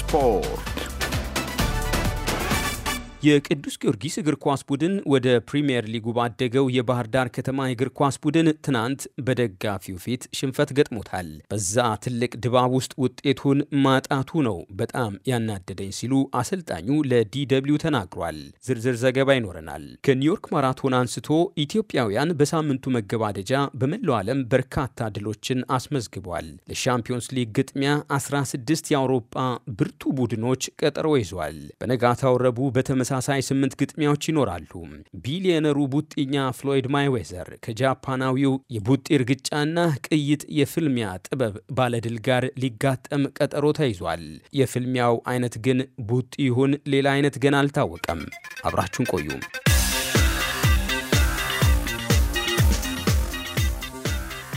Spor. የቅዱስ ጊዮርጊስ እግር ኳስ ቡድን ወደ ፕሪምየር ሊጉ ባደገው የባህር ዳር ከተማ እግር ኳስ ቡድን ትናንት በደጋፊው ፊት ሽንፈት ገጥሞታል። በዛ ትልቅ ድባብ ውስጥ ውጤቱን ማጣቱ ነው በጣም ያናደደኝ ሲሉ አሰልጣኙ ለዲደብሊው ተናግሯል። ዝርዝር ዘገባ ይኖረናል። ከኒውዮርክ ማራቶን አንስቶ ኢትዮጵያውያን በሳምንቱ መገባደጃ በመላው ዓለም በርካታ ድሎችን አስመዝግቧል። ለሻምፒዮንስ ሊግ ግጥሚያ 16 የአውሮፓ ብርቱ ቡድኖች ቀጠሮ ይዟል። በነጋታው ረቡዕ በተመሳ ተመሳሳይ ስምንት ግጥሚያዎች ይኖራሉ። ቢሊዮነሩ ቡጢኛ ፍሎይድ ማይዌዘር ከጃፓናዊው የቡጢ እርግጫና ቅይጥ የፍልሚያ ጥበብ ባለድል ጋር ሊጋጠም ቀጠሮ ተይዟል። የፍልሚያው አይነት ግን ቡጢ ይሁን ሌላ አይነት ገና አልታወቀም። አብራችሁን ቆዩም።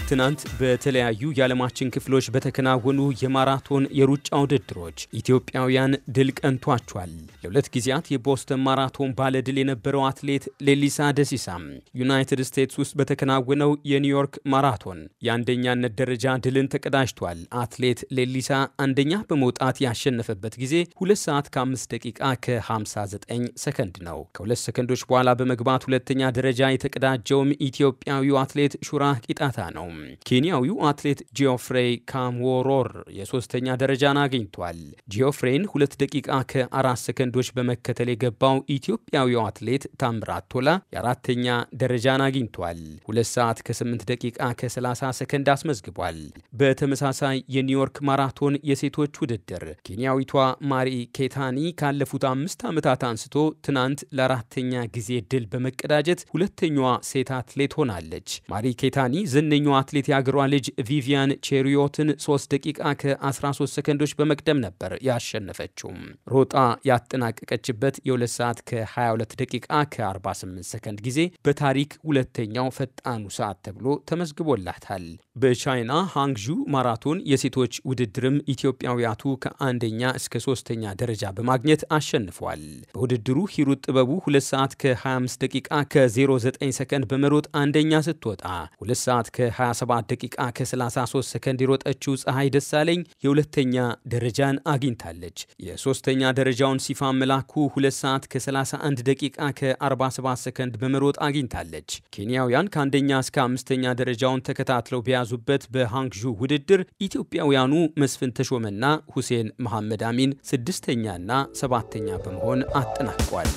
ትናንት በተለያዩ የዓለማችን ክፍሎች በተከናወኑ የማራቶን የሩጫ ውድድሮች ኢትዮጵያውያን ድል ቀንቷቸዋል። ለሁለት ጊዜያት የቦስተን ማራቶን ባለድል የነበረው አትሌት ሌሊሳ ደሲሳም ዩናይትድ ስቴትስ ውስጥ በተከናወነው የኒውዮርክ ማራቶን የአንደኛነት ደረጃ ድልን ተቀዳጅቷል። አትሌት ሌሊሳ አንደኛ በመውጣት ያሸነፈበት ጊዜ 2 ሰዓት ከ5 ደቂቃ ከ59 ሰከንድ ነው። ከሁለት ሰከንዶች በኋላ በመግባት ሁለተኛ ደረጃ የተቀዳጀውም ኢትዮጵያዊው አትሌት ሹራ ቂጣታ ነው። ኬንያዊው አትሌት ጂኦፍሬ ካምዎሮር የሶስተኛ ደረጃን አግኝቷል። ጂኦፍሬን ሁለት ደቂቃ ከአራት ሰከንዶች በመከተል የገባው ኢትዮጵያዊው አትሌት ታምራት ቶላ የአራተኛ ደረጃን አግኝቷል። ሁለት ሰዓት ከ8 ደቂቃ ከ30 ሰከንድ አስመዝግቧል። በተመሳሳይ የኒውዮርክ ማራቶን የሴቶች ውድድር ኬንያዊቷ ማሪ ኬታኒ ካለፉት አምስት ዓመታት አንስቶ ትናንት ለአራተኛ ጊዜ ድል በመቀዳጀት ሁለተኛዋ ሴት አትሌት ሆናለች። ማሪ ኬታኒ ዝነኛዋ አትሌት የአገሯ ልጅ ቪቪያን ቼሪዮትን 3 ደቂቃ ከ13 ሰከንዶች በመቅደም ነበር ያሸነፈችው። ሮጣ ያጠናቀቀችበት የ2 ሰዓት ከ22 ደቂቃ ከ48 ሰከንድ ጊዜ በታሪክ ሁለተኛው ፈጣኑ ሰዓት ተብሎ ተመዝግቦላታል። በቻይና ሃንግዡ ማራቶን የሴቶች ውድድርም ኢትዮጵያውያቱ ከአንደኛ እስከ ሶስተኛ ደረጃ በማግኘት አሸንፏል። በውድድሩ ሂሩት ጥበቡ 2 ሰዓት ከ25 ደቂቃ ከ09 ሰከንድ በመሮጥ አንደኛ ስትወጣ 2 ሰዓት ከ 23 17 ደቂቃ ከ33 ሰከንድ የሮጠችው ፀሐይ ደሳለኝ የሁለተኛ ደረጃን አግኝታለች። የሶስተኛ ደረጃውን ሲፋን መላኩ 2 ሰዓት ከ31 ደቂቃ ከ47 ሰከንድ በመሮጥ አግኝታለች። ኬንያውያን ከአንደኛ እስከ አምስተኛ ደረጃውን ተከታትለው በያዙበት በሃንግዡ ውድድር ኢትዮጵያውያኑ መስፍን ተሾመና ሁሴን መሐመድ አሚን ስድስተኛና ሰባተኛ በመሆን አጠናቋል።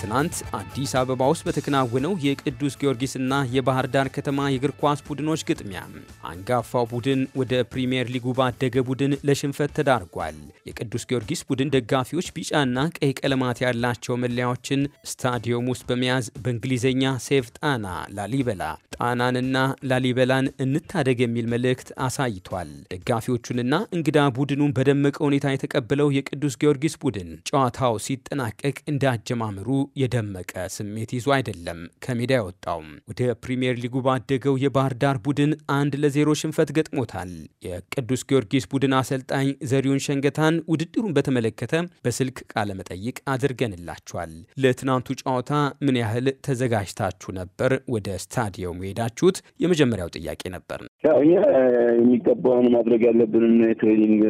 ትናንት አዲስ አበባ ውስጥ በተከናወነው የቅዱስ ጊዮርጊስና የባህር ዳር ከተማ የእግር ኳስ ቡድኖች ግጥሚያ አንጋፋው ቡድን ወደ ፕሪምየር ሊጉ ባደገ ቡድን ለሽንፈት ተዳርጓል። የቅዱስ ጊዮርጊስ ቡድን ደጋፊዎች ቢጫና ቀይ ቀለማት ያላቸው መለያዎችን ስታዲየም ውስጥ በመያዝ በእንግሊዝኛ ሴቭ ጣና ላሊበላ፣ ጣናንና ላሊበላን እንታደግ የሚል መልእክት አሳይቷል። ደጋፊዎቹንና እንግዳ ቡድኑን በደመቀ ሁኔታ የተቀበለው የቅዱስ ጊዮርጊስ ቡድን ጨዋታው ሲጠናቀቅ እንዳጀማምሩ የደመቀ ስሜት ይዞ አይደለም ከሜዳ ያወጣው። ወደ ፕሪምየር ሊጉ ባደገው የባህር ዳር ቡድን አንድ ለዜሮ ሽንፈት ገጥሞታል። የቅዱስ ጊዮርጊስ ቡድን አሰልጣኝ ዘሪሁን ሸንገታን ውድድሩን በተመለከተ በስልክ ቃለመጠይቅ አድርገንላቸዋል። ለትናንቱ ጨዋታ ምን ያህል ተዘጋጅታችሁ ነበር? ወደ ስታዲየም የሄዳችሁት የመጀመሪያው ጥያቄ ነበር። ያው እኛ የሚገባውን ማድረግ ያለብንን የትሬኒንግ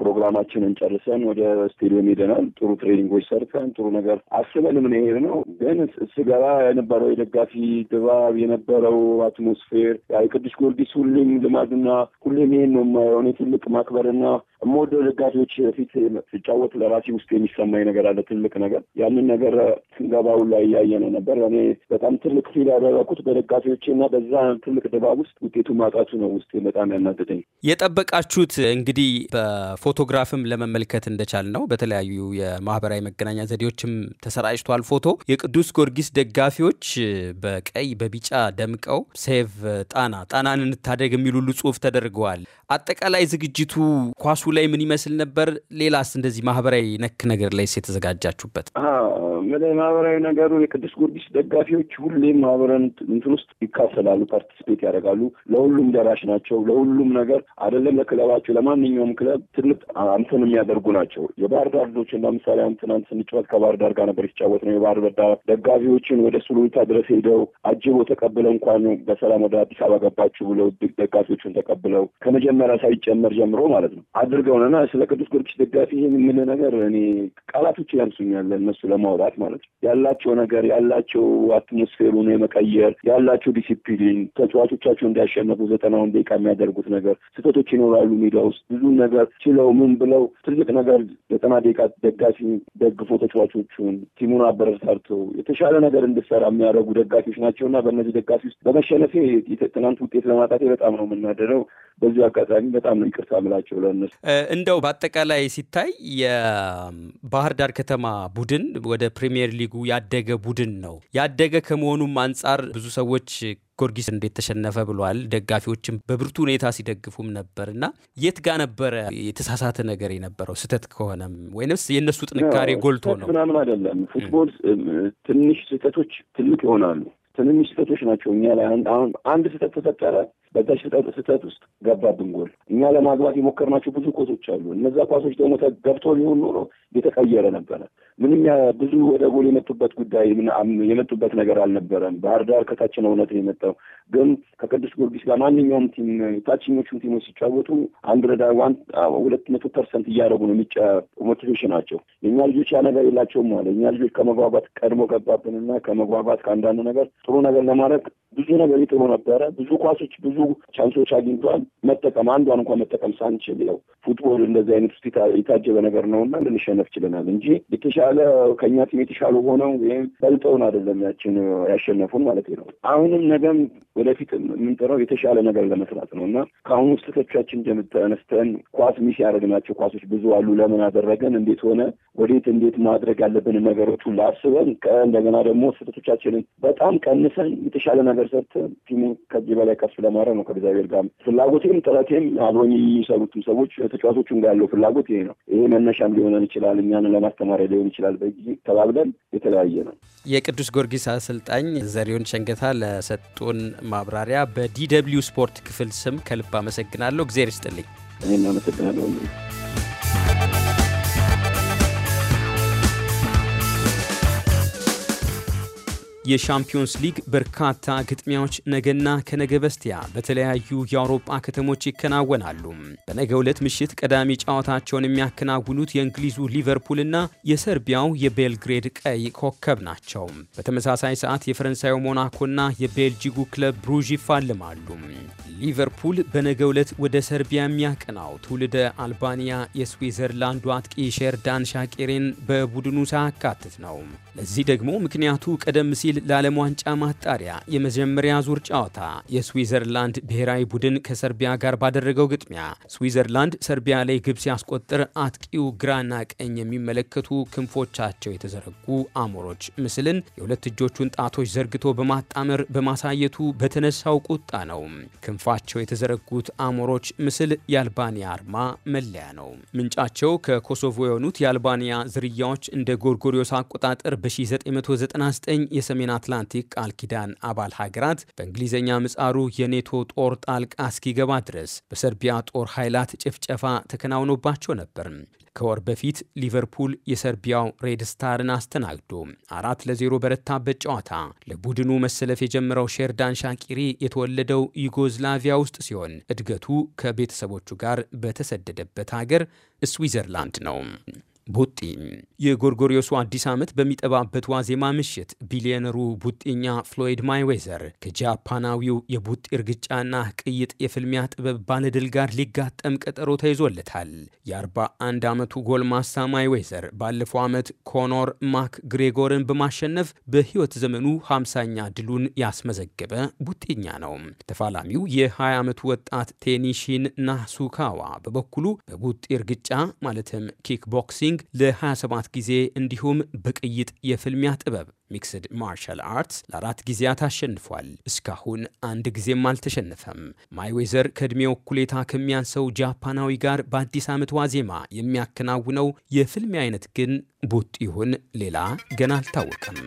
ፕሮግራማችንን ጨርሰን ወደ ስቴዲየም ሄደናል። ጥሩ ትሬኒንጎች ሰርተን ጥሩ ነገር አስበን የምንሄድ ነው። ግን ስገባ የነበረው የደጋፊ ድባብ የነበረው አትሞስፌር ቅዱስ ጊዮርጊስ ሁሌም ልማድና ሁሌም ይሄን ነው የማየው እኔ ትልቅ ማክበርና የምወደው ደጋፊዎች ፊት ስጫወት ለራሴ ውስጥ የሚሰማኝ ነገር አለ፣ ትልቅ ነገር። ያንን ነገር ስንገባው ላይ እያየ ነው ነበር። እኔ በጣም ትልቅ ፊል ያደረኩት በደጋፊዎች እና በዛ ትልቅ ድባብ ውስጥ ውጤቱ ማጣቱ ነው ውስጥ በጣም ያናደደኝ። የጠበቃችሁት እንግዲህ በፎቶግራፍም ለመመልከት እንደቻል ነው፣ በተለያዩ የማህበራዊ መገናኛ ዘዴዎችም ተሰራጭቷል ፎቶ የቅዱስ ጊዮርጊስ ደጋፊዎች በቀይ በቢጫ ደምቀው ሴቭ ጣና ጣናን እንታደግ የሚሉሉ ጽሁፍ ተደርገዋል። አጠቃላይ ዝግጅቱ ኳሱ ላይ ምን ይመስል ነበር? ሌላስ እንደዚህ ማህበራዊ ነክ ነገር ላይስ የተዘጋጃችሁበት? አዎ በተለይ ማህበራዊ ነገሩ የቅዱስ ጊዮርጊስ ደጋፊዎች ሁሌም ማህበራዊ እንትን ውስጥ ይካፈላሉ፣ ፓርቲስፔት ያደርጋሉ። ለሁሉም ደራሽ ናቸው። ለሁሉም ነገር አይደለም ለክለባቸው፣ ለማንኛውም ክለብ ትልቅ እንትን የሚያደርጉ ናቸው። የባህር ዳር ልጆች ለምሳሌ አሁን ትናንት ስንጫወት ከባህር ዳር ጋር ነበር የተጫወት ነው። የባህር ዳር ደጋፊዎችን ወደ ሱሉልታ ድረስ ሄደው አጅቦ ተቀብለው እንኳን በሰላም ወደ አዲስ አበባ ገባችሁ ብለው ደጋፊዎቹን ተቀብለው ከመጀመሪያ ሳይጨመር ጀምሮ ማለት ነው አድርገውና ስለ ቅዱስ ጊዮርጊስ ደጋፊ ይህን የምልህ ነገር እኔ ቃላቶች ያንሱኛል እነሱ ለማውራት ማለት ነው። ያላቸው ነገር ያላቸው አትሞስፌሩን የመቀየር ያላቸው ዲሲፕሊን ተጫዋቾቻቸው እንዲያሸነፉ ዘጠናውን ደቂቃ የሚያደርጉት ነገር ስህተቶች ይኖራሉ። ሜዳ ውስጥ ብዙ ነገር ችለው ምን ብለው ትልቅ ነገር ዘጠና ደቂቃ ደጋፊ ደግፎ ተጫዋቾቹን ቲሙን አበረታርተው የተሻለ ነገር እንድሰራ የሚያደርጉ ደጋፊዎች ናቸው እና በእነዚህ ደጋፊ ውስጥ በመሸነፌ ትናንት ውጤት ለማጣቴ በጣም ነው የምናደረው። በዚሁ አጋጣሚ በጣም ነው ይቅርታ ምላቸው ለእነሱ። እንደው በአጠቃላይ ሲታይ የባህር ዳር ከተማ ቡድን ወደ ፕሪምየር ሊጉ ያደገ ቡድን ነው። ያደገ ከመሆኑም አንጻር ብዙ ሰዎች ጊዮርጊስ እንዴት ተሸነፈ ብሏል። ደጋፊዎችም በብርቱ ሁኔታ ሲደግፉም ነበር እና የት ጋር ነበረ የተሳሳተ ነገር የነበረው ስህተት ከሆነም ወይምስ የእነሱ ጥንካሬ ጎልቶ ነው ምናምን አይደለም። ፉትቦል ትንሽ ስህተቶች ትልቅ ይሆናሉ። ትንንሽ ስህተቶች ናቸው እኛ ላይ አሁን አንድ ስህተት ተፈጠረ በዛ ስህተት ውስጥ ገባብን ጎል። እኛ ለማግባት የሞከርናቸው ብዙ ኮሶች አሉ። እነዛ ኳሶች ደግሞ ገብቶ ሊሆን ኖሮ የተቀየረ ነበረ። ምንም ብዙ ወደ ጎል የመጡበት ጉዳይ የመጡበት ነገር አልነበረም። ባህር ዳር ከታችን እውነት የመጣው ግን ከቅዱስ ጊዮርጊስ ጋር ማንኛውም ቲም ታችኞቹም ቲሞች ሲጫወቱ አንድ ረዳ ሁለት መቶ ፐርሰንት እያደረጉ ነው የሚጫ ሞቲቬሽን ናቸው። የእኛ ልጆች ያ ነገር የላቸውም አለ። የእኛ ልጆች ከመግባባት ቀድሞ ገባብንና ከመግባባት ከአንዳንድ ነገር ጥሩ ነገር ለማድረግ ብዙ ነገር ይጥሩ ነበረ ብዙ ኳሶች ብዙ ብዙ ቻንሶች አግኝተዋል። መጠቀም አንዷን እንኳ መጠቀም ሳንችል ያው ፉትቦል እንደዚህ አይነት ውስጥ የታጀበ ነገር ነው እና ልንሸነፍ ችለናል እንጂ የተሻለ ከኛ ቲም የተሻሉ ሆነው ወይም በልጠውን አይደለም ያችን ያሸነፉን ማለት ነው። አሁንም ነገም ወደፊት የምንጠራው የተሻለ ነገር ለመስራት ነው እና ከአሁኑ ስህተቶቻችን ተነስተን ኳስ ሚስ ያደረግናቸው ኳሶች ብዙ አሉ። ለምን አደረገን፣ እንዴት ሆነ፣ ወዴት እንዴት ማድረግ ያለብን ነገሮች ሁሉ አስበን እንደገና ደግሞ ስህተቶቻችንን በጣም ቀንሰን የተሻለ ነገር ሰርተን ቲሙ ከዚህ በላይ ከፍ ለማድረግ ነው ከእግዚአብሔር ጋር ፍላጎቴም ጥረቴም አብሮኝ የሚሰሩትም ሰዎች ተጫዋቾቹም ጋር ያለው ፍላጎት ይሄ ነው። ይሄ መነሻም ሊሆነን ይችላል፣ እኛን ለማስተማሪያ ሊሆን ይችላል። በጊዜ ተባብለን የተለያየ ነው። የቅዱስ ጊዮርጊስ አሰልጣኝ ዘሪሁን ሸንገታ ለሰጡን ማብራሪያ በዲደብሊው ስፖርት ክፍል ስም ከልብ አመሰግናለሁ። እግዜር ይስጥልኝ። እኔ አመሰግናለሁ። የሻምፒዮንስ ሊግ በርካታ ግጥሚያዎች ነገና ከነገ በስቲያ በተለያዩ የአውሮጳ ከተሞች ይከናወናሉ። በነገ ዕለት ምሽት ቀዳሚ ጨዋታቸውን የሚያከናውኑት የእንግሊዙ ሊቨርፑልና የሰርቢያው የቤልግሬድ ቀይ ኮከብ ናቸው። በተመሳሳይ ሰዓት የፈረንሳዩ ሞናኮና የቤልጂጉ ክለብ ብሩዥ ይፋልማሉ። ሊቨርፑል በነገ ዕለት ወደ ሰርቢያ የሚያቀናው ትውልደ አልባንያ የስዊዘርላንዱ አጥቂ ሼርዳን ሻቄሬን በቡድኑ ሳያካትት ነው። ለዚህ ደግሞ ምክንያቱ ቀደም ሲል በብራዚል ለዓለም ዋንጫ ማጣሪያ የመጀመሪያ ዙር ጨዋታ የስዊዘርላንድ ብሔራዊ ቡድን ከሰርቢያ ጋር ባደረገው ግጥሚያ ስዊዘርላንድ ሰርቢያ ላይ ግብ ሲያስቆጥር አጥቂው ግራና ቀኝ የሚመለከቱ ክንፎቻቸው የተዘረጉ አሞሮች ምስልን የሁለት እጆቹን ጣቶች ዘርግቶ በማጣመር በማሳየቱ በተነሳው ቁጣ ነው። ክንፋቸው የተዘረጉት አሞሮች ምስል የአልባኒያ አርማ መለያ ነው። ምንጫቸው ከኮሶቮ የሆኑት የአልባኒያ ዝርያዎች እንደ ጎርጎሪዮስ አቆጣጠር በ1999 የሰሜን የሰሜን አትላንቲክ ቃል ኪዳን አባል ሀገራት በእንግሊዝኛ ምጻሩ የኔቶ ጦር ጣልቃ እስኪገባ ድረስ በሰርቢያ ጦር ኃይላት ጭፍጨፋ ተከናውኖባቸው ነበር። ከወር በፊት ሊቨርፑል የሰርቢያው ሬድ ስታርን አስተናግዶ አራት ለዜሮ በረታበት ጨዋታ ለቡድኑ መሰለፍ የጀመረው ሼርዳን ሻቂሪ የተወለደው ዩጎዝላቪያ ውስጥ ሲሆን እድገቱ ከቤተሰቦቹ ጋር በተሰደደበት ሀገር ስዊዘርላንድ ነው። ቡጢ የጎርጎሪዮሱ አዲስ ዓመት በሚጠባበት ዋዜማ ምሽት ቢሊዮነሩ ቡጢኛ ፍሎይድ ማይዌዘር ከጃፓናዊው የቡጢ እርግጫና ቅይጥ የፍልሚያ ጥበብ ባለድል ጋር ሊጋጠም ቀጠሮ ተይዞለታል። የ41 ዓመቱ ጎልማሳ ማይዌዘር ባለፈው ዓመት ኮኖር ማክ ግሬጎርን በማሸነፍ በሕይወት ዘመኑ 50ኛ ድሉን ያስመዘገበ ቡጢኛ ነው። ተፋላሚው የ20 ዓመቱ ወጣት ቴኒሺን ናሱካዋ በበኩሉ በቡጢ እርግጫ ማለትም ኪክቦክሲንግ ሬስሊንግ ለ27 ጊዜ እንዲሁም በቅይጥ የፍልሚያ ጥበብ ሚክስድ ማርሻል አርትስ ለአራት ጊዜያት አሸንፏል። እስካሁን አንድ ጊዜም አልተሸነፈም። ማይዌዘር ከዕድሜው እኩሌታ ከሚያንሰው ጃፓናዊ ጋር በአዲስ ዓመት ዋዜማ የሚያከናውነው የፍልሚያ አይነት ግን ቡጥ ይሁን ሌላ ገና አልታወቀም።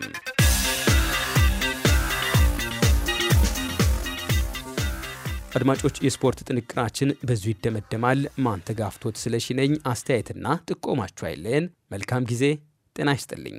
አድማጮች፣ የስፖርት ጥንቅራችን በዙ ይደመደማል። ማንተጋፍቶት ስለሺ ነኝ። አስተያየትና ጥቆማችሁ አይለየን። መልካም ጊዜ። ጤና ይስጥልኝ።